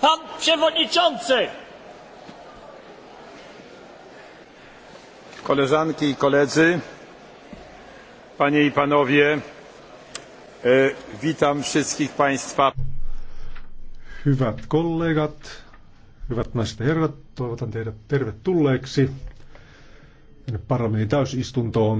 Pan Przewodniczący! Koleżanki i koledzy, Panie i Panowie, e, witam wszystkich Państwa. Hyvät kollegat, hyvät naiset ja herrat, toivotan teidät tervetulleeksi parlamentin täysistuntoon.